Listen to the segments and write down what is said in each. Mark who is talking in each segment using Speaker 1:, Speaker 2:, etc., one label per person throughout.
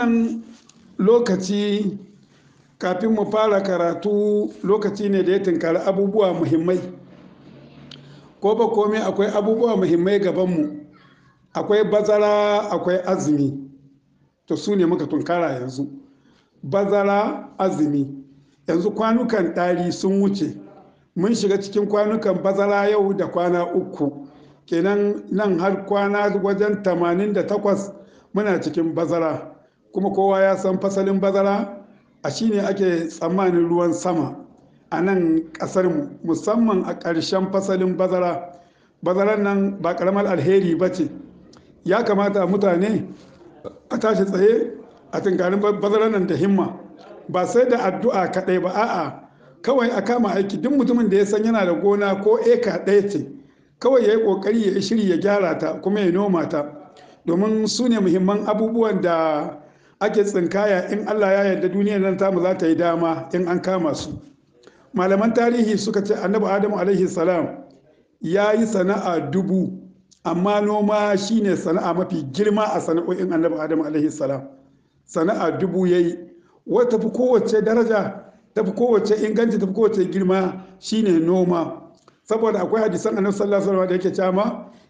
Speaker 1: wannan lokaci kafin mu fara karatu lokaci ne da ya tunkari abubuwa muhimmai ko ba komai akwai abubuwa muhimmai gabanmu akwai bazara akwai azumi to su ne muka tunkara yanzu bazara azumi yanzu kwanukan ɗari sun wuce mun shiga cikin kwanukan bazara yau da kwana uku kenan nan har kwana wajen 88 muna cikin bazara kuma kowa ya san fasalin bazara a shi ne ake tsammanin ruwan sama a nan ƙasarmu musamman a ƙarshen fasalin bazara bazaran nan ba ƙaramar alheri ba ce ya kamata mutane a tashi tsaye a tunkarin bazaran nan da himma ba sai da addu'a kaɗai ba a'a kawai a kama aiki duk mutumin da ya san yana da gona ko eka ɗaya ce kawai ya yi ƙoƙari ya shiri ya gyara ta kuma ya noma ta domin su ne muhimman abubuwan da ake tsinkaya in Allah ya yarda duniya nan tamu za ta yi dama in an kama su malaman tarihi suka ce annabi adamu alaihi salam ya yi sana'a dubu amma noma shine sana'a mafi girma a sana'o'in annabi adamu alaihi salam sana'a dubu ya yi wata fi kowace daraja ta fi kowace inganci ta fi kowace girma shine noma saboda akwai hadisan annabi sallallahu alaihi wasallam da yake cewa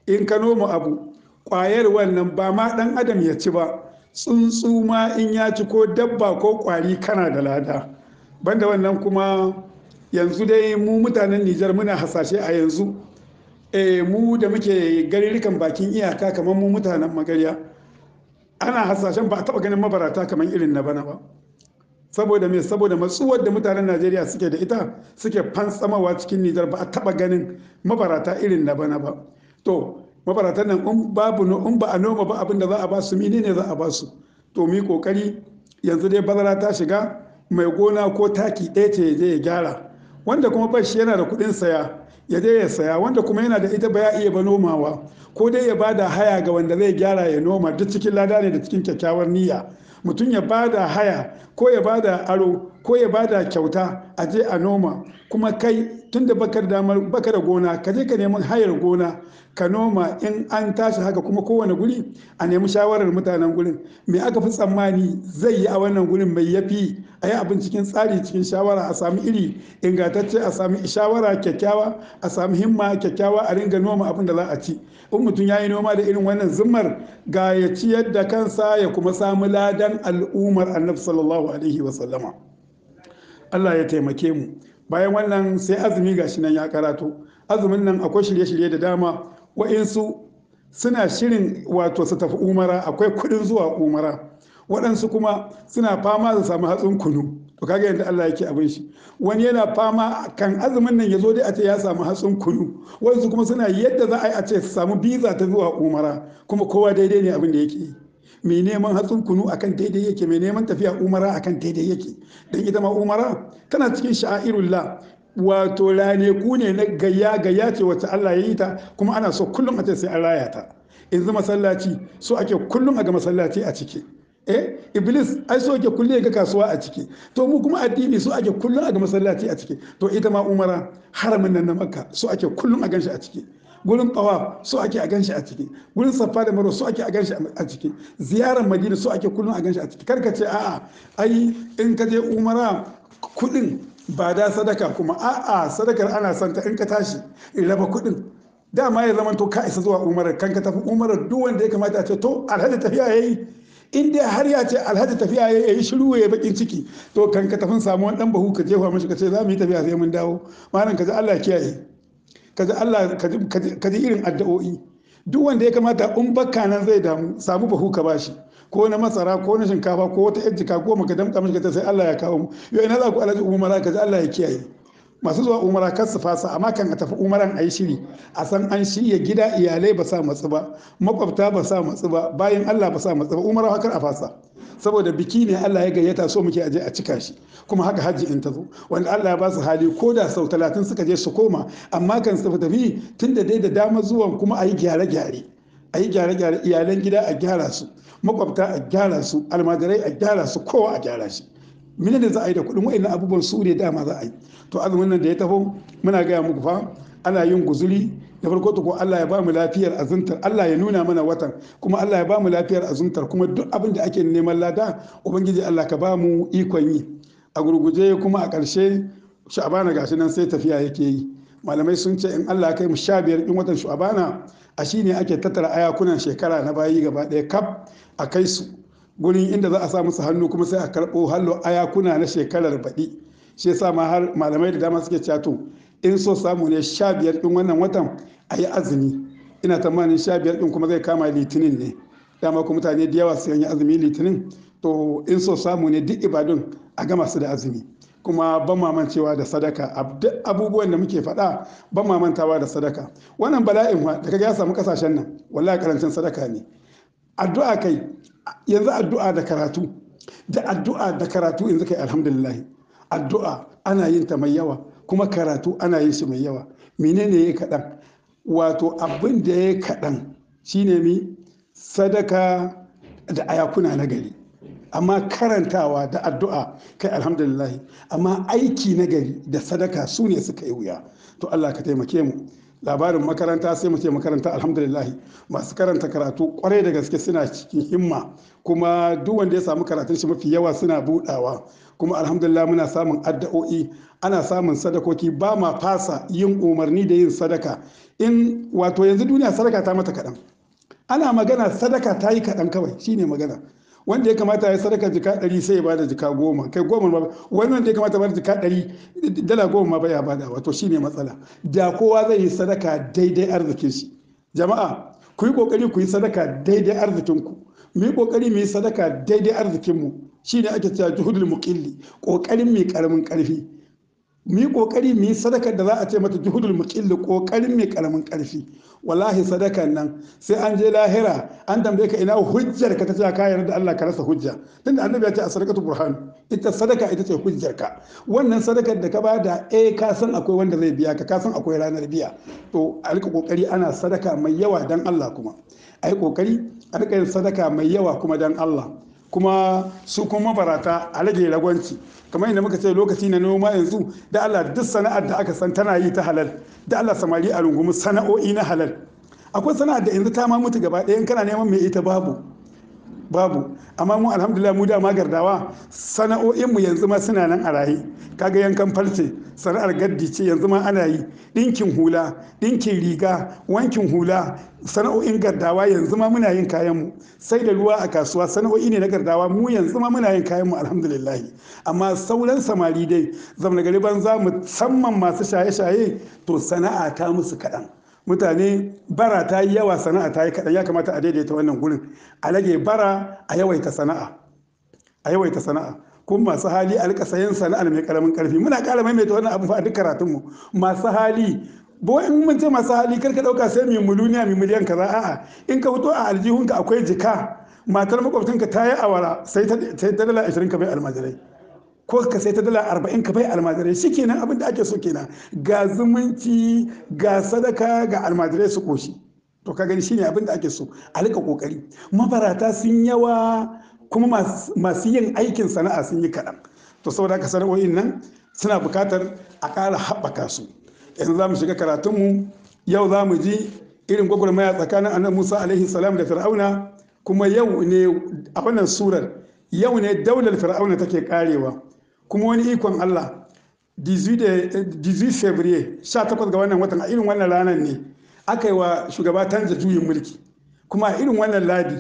Speaker 1: in ka noma abu kwayar wannan ba ma dan adam ya ci ba tsuntsu ma in ya ci ko dabba ko kwari kana da lada banda wannan kuma yanzu dai mu mutanen nijar muna hasashe a yanzu e, mu da muke garirikan bakin iyaka kamar mu mutanen magarya ana hasashen ba a taba ganin mabarata kamar irin na bana ba saboda me saboda matsuwar da mutanen najeriya suke da ita suke fantsamawa cikin nijar ba a taba ganin mabarata irin na bana ba to mabaratan nan in babu in ba a noma ba abinda za a ba su ne za a ba su to mu kokari yanzu dai bazara ta shiga mai gona ko taki ɗaya ce ya je ya gyara wanda kuma ba shi yana da kuɗin saya ya je ya saya wanda kuma yana da ita ba ya iya ba nomawa ko dai ya bada haya ga wanda zai gyara ya noma duk cikin lada ne da cikin kyakkyawar niyya mutum ya bada haya ko ya bada aro ko ya bada kyauta a je a noma kuma kai tun da bakar damar bakar gona ka je ka nemi hayar gona ka noma in an tashi haka kuma kowane guri a nemi shawarar mutanen gurin me aka fi tsammani zai yi a wannan gurin mai yafi a yi abin cikin tsari cikin shawara a sami iri ingantacce a sami shawara kyakkyawa a sami himma kyakkyawa a ringa noma abin da za a ci in mutum ya yi noma da irin wannan zumar, ga ya ciyar da kansa ya kuma samu ladan al'ummar annabi sallallahu alaihi wa sallama. Allah ya taimake mu bayan wannan sai azumi shi nan ya karatu azumin nan akwai shirye-shirye da dama wa'insu suna shirin wato su tafi umara akwai kudin zuwa umara waɗansu kuma suna fama da samu hatsin kunu to kaga yadda Allah yake abin shi wani yana fama kan azumin nan ya zo dai a ce ya samu hatsin kunu wasu kuma suna yadda za a yi a ce su samu biza ta zuwa umara kuma kowa daidai ne abin da yake yi mai neman hatsin kunu akan daidai yake mai neman tafiya umara akan daidai yake don ita ma umara tana cikin la wato ku ne na gaya gaya ce wacce Allah ya yi ta kuma ana so kullum a ce sai an raya ta yanzu masallaci so ake kullum a ga masallaci a ciki eh iblis ai so ake kullum ga kasuwa a ciki to mu kuma addini so ake kullum a ga masallaci a ciki to ita ma umara haramin nan na makka so ake kullum a ganshi a ciki gurin tawaf so ake a ganshi a ciki gurin safa da marwa so ake a ganshi a ciki ziyarar madina so ake kullum a ganshi a ciki karka ce a'a ai in ka je umara kudin ba da sadaka kuma a'a sadakar ana son ta in ka tashi in raba kudin dama ya zama to ka isa zuwa umarar kan ka tafi umarar duk wanda ya kamata a ce to alhaji tafiya ya yi. in dai har ya ce alhaji tafiya ya yi shiru ya bakin ciki to kan ka tafin samu wani dan bahu ka jefa mashi ka ce za mu yi tafiya sai mun dawo malam ka ji Allah kiyaye kaji Allah kaji irin addu'o'i duk wanda ya kamata in bakka nan zai damu samu bahu ka bashi ko na masara ko na shinkafa ko wata yajjika jika ko maka damka ka sai Allah ya kawo mu yau ina za ku alaji umu mara ka ji Allah ya kiyaye masu zuwa umara kar su fasa amma kan a tafi umaran a yi shiri a san an shirya gida iyalai ba sa matsu ba makwabta ba sa matsu ba bayan allah ba sa matsu ba umara kar a fasa saboda biki ne allah ya gayyata so muke aje a cika shi kuma haka hajji in ta zo wanda allah ya ba su hali ko da sau talatin suka je su koma amma kan su tafi tun da dai da dama zuwa kuma a yi gyare-gyare a yi gyare-gyare iyalan gida a gyara su makwabta a gyara su almajirai a gyara su kowa a gyara shi mina da za a yi da kuɗin wa'annan abubuwan su ne dama za a yi to azumin nan da ya taho muna gaya muku fa ana yin guzuri da farko ko Allah ya ba mu lafiyar azuntar Allah ya nuna mana watan kuma Allah ya ba mu lafiyar azuntar kuma duk abin da ake neman lada ubangiji Allah ka ba mu ikon yi a gurguje kuma a ƙarshe sha'abana gashi nan sai tafiya yake yi malamai sun ce in Allah kai mu sha biyar din watan sha'abana a ne ake tattara ayakunan shekara na bayi gaba ɗaya kaf a kai su gurin inda za a sa musu hannu kuma sai a karɓo hallo yakuna na shekarar baɗi shi yasa ma har malamai da dama suke cato in so samu ne sha biyar ɗin wannan watan a yi azumi ina tamanin sha biyar ɗin kuma zai kama litinin ne dama kuma mutane da yawa su yi azumi litinin to in so samu ne duk ibadun a gama su da azumi kuma ban mamancewa da sadaka abubuwan da muke faɗa ban mamantawa da sadaka wannan bala'in da kaga ya samu kasashen nan wallahi karancin sadaka ne addu'a kai yanzu addu'a da karatu da addu'a da karatu yanzu kai alhamdulillah addu'a ana yin ta mai yawa kuma karatu ana yin shi mai yawa menene ya kaɗan wato abin da ya kaɗan shine mi sadaka da ayakuna na gari amma karantawa da addu'a kai alhamdulillah amma aiki na gari da sadaka su ne suka yi wuya to Allah ka taimake mu labarin makaranta sai mu ce makaranta alhamdulillah. masu karanta karatu kwarai da gaske suna cikin himma kuma duk wanda ya samu karatun shi mafi yawa suna budawa kuma alhamdulillah muna samun addu'o'i ana samun sadakoki ba ma fasa yin umarni da yin sadaka in wato yanzu duniya sadaka ta mata kaɗan ana magana sadaka ta yi kaɗan kawai shine magana wanda ya kamata ya sadaka jika ɗari sai ya bada jika goma kai goma ma wani wanda ya kamata bada jika ɗari dala goma ma ba ya bada wato shine matsala da kowa zai yi sadaka daidai arzikin shi jama'a ku yi kokari ku yi sadaka daidai arzikin ku mu yi kokari mu yi sadaka daidai arzikin mu shine ake cewa juhudul muqilli kokarin mai karamin karfi mu yi kokari mu yi sadaka da za a ce mata juhudul muqilli kokarin mai karamin karfi wallahi sadakan nan sai an je lahira an tambaye ka ina hujjar ka tace ka yarda Allah ka rasa hujja tunda annabi ya ce burhan ita sadaka ita ce hujjar ka wannan sadakar da ka bada eh ka san akwai wanda zai biya ka ka san akwai ranar biya to a rika kokari ana sadaka mai yawa dan Allah kuma ai kokari a rika yin sadaka mai yawa kuma dan Allah kuma su kuma mabarata a rage ragwanci kamar yadda muka ce lokaci na noma yanzu da Allah duk sana'ar da aka san tana yi ta halal da Allah samari a rungumi sana'o'i na halal akwai sana'ar da yanzu ta ma mutu gaba ɗayan kana neman mai ita babu babu amma mu alhamdulillah mu dama gardawa sana'o'inmu yanzu ma suna nan a raye kaga yankan farce sana'ar gaddi ce yanzu ma ana yi ɗinkin hula ɗinkin riga wankin hula sana'o'in gardawa yanzu ma muna yin kayanmu sai da ruwa a kasuwa sana'o'i ne na gardawa mu yanzu ma muna yin mu alhamdulillah amma sauran samari dai zamna gari banza musamman masu shaye-shaye to sana'a ta musu kaɗan mutane bara ta yi yawa sana'a ta yi kaɗan ya kamata a daidaita wannan gurin a rage bara a yawaita sana'a a yawaita sana'a kuma masu hali a rika sayan sana'ar mai karamin karfi muna ƙara maimaita wannan abu a duk karatunmu masu hali bo in mun ce masu hali kar ka ɗauka sai mai miliyoniya mai miliyan kaza a'a in ka fito a aljihunka akwai jika matar makwabcinka ta yi awara sai ta dala ashirin ka bai almajirai ko ka sai ta dala arba'in ka bai almajirai shi kenan abin da ake so kenan ga zumunci ga sadaka ga almajirai su koshi to ka gani shine abin da ake so a rika kokari mabarata sun yawa kuma masu yin aikin sana'a sun yi kaɗan to saboda ka sana'o'in nan suna buƙatar a ƙara haɓaka su yanzu za mu shiga karatunmu yau za mu ji irin gwagwarmaya tsakanin annabi musa alaihi salam da fir'auna kuma yau ne a wannan surar yau ne daular fir'auna take karewa kuma wani ikon Allah 18 February 18 ga wannan watan a irin wannan ranar ne aka yi wa shugaba tanza juyin mulki kuma a irin wannan ladi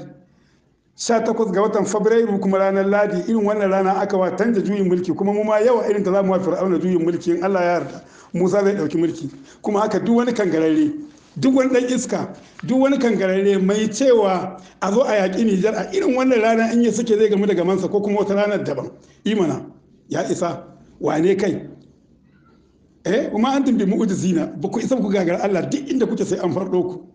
Speaker 1: 18 ga watan Fabrairu kuma ranar ladi irin wannan rana aka wa tanza juyin mulki kuma mu ma yawa irin ta zamu wa Fir'auna juyin mulki in Allah ya yarda Musa zai dauki mulki kuma aka duk wani kangararre duk wani dan iska duk wani kangararre mai cewa a zo a yaƙi Nijar a irin wannan rana in ya suke zai gamu da gamansa ko kuma wata ranar daban imana ya isa wane kai eh kuma an tumbi mu'ujizina ba ku isa ku gagar Allah duk inda kuke sai an farɗo ku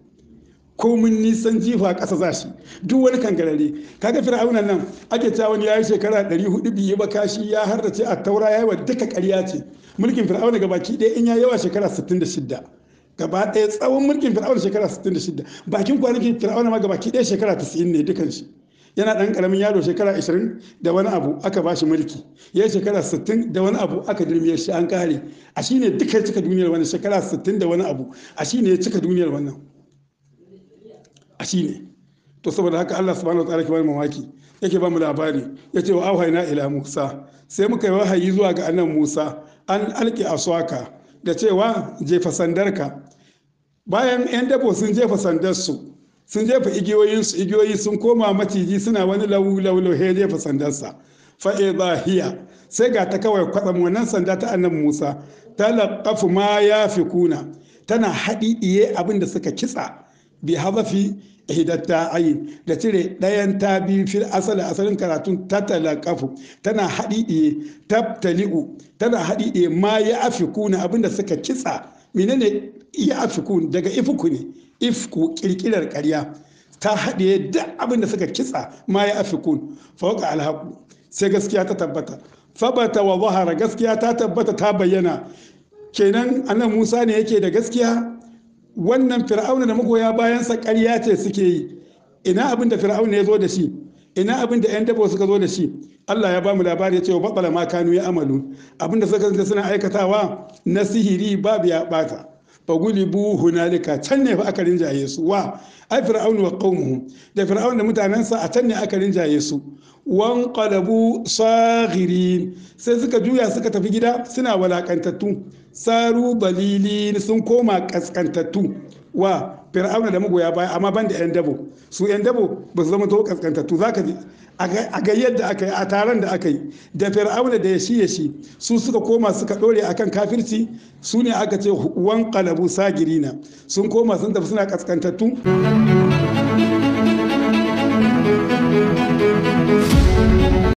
Speaker 1: ko mun nisan jifa ƙasa za shi duk wani kangarare kaga fir'auna nan ake cewa wani yayi shekara 400 biye ba kashi ya hardace a taura yayi wa duka ƙarya ce mulkin fir'auna gabaki ɗaya in ya yawa shekara 66 gaba ɗaya tsawon mulkin fir'auna shekara 66 bakin kwanakin fir'auna ma gabaki ɗaya shekara 90 ne dukan shi yana ɗan ƙaramin yaro shekara 20 da wani abu aka ba shi mulki ya yi shekara 60 da wani abu aka ya shi an kare a shi ne duka cika duniyar wannan shekara 60 da wani abu a shi ne ya cika duniyar wannan a shi ne to saboda haka Allah subhanahu wa ta'ala ke bani mamaki yake ba mu labari ya ce wa auhaina ila musa sai muka yi wahayi zuwa ga annan musa an alƙi aswaka da cewa jefa sandarka bayan 'yan dabo sun jefa sandarsu sun jefa igiyoyinsu igiyoyi sun koma maciji suna wani lau lau lau he jefa sandarsa fa'iza hiya sai ga ta kawai kwatsam wannan sanda ta annabi Musa ta laqafu ma kuna tana haɗi iye abin suka kitsa bi hazafi hidatta ayi da cire ɗayan ta biyu fil asali asalin karatun ta talakafu tana haɗi iye tabtali'u tana haɗi iye ma ya abin da suka kitsa menene ya daga ifuku ne If ifku kirkirar karya ta haɗe da abin da suka kitsa ma ya afikun fauka alhaku sai gaskiya ta tabbata fabata wa zahara gaskiya ta tabbata ta bayyana kenan annan musa ne yake da gaskiya wannan fir'auna da magoya bayansa ƙarya ce suke yi ina abin da fir'auna ya zo da shi ina abin da 'yan dabo suka zo da shi Allah ya ba bamu labari cewa batsala ma kanu ya amalu abin da suka suna aikatawa na sihiri babu ya bata fagulibu hunalika can ne fa aka rinjaye su wa ai fir'aunu wa qaumuhu da fir'aunu da mutanensa a can ne aka rinjaye su wan qalabu saghirin sai suka juya suka tafi gida suna walakantattu saru balilin sun koma kaskantattu wa fir'auna da magoya baya amma ban da 'yan dabo su 'yan dabo ba su zama to tu za ka ji a ga yadda aka yi a taron da aka yi da fir'auna da ya shi ya shi su suka koma suka dore akan kafirci su ne aka ce wan kalabu sagirina sun koma sun tafi suna kaskantattu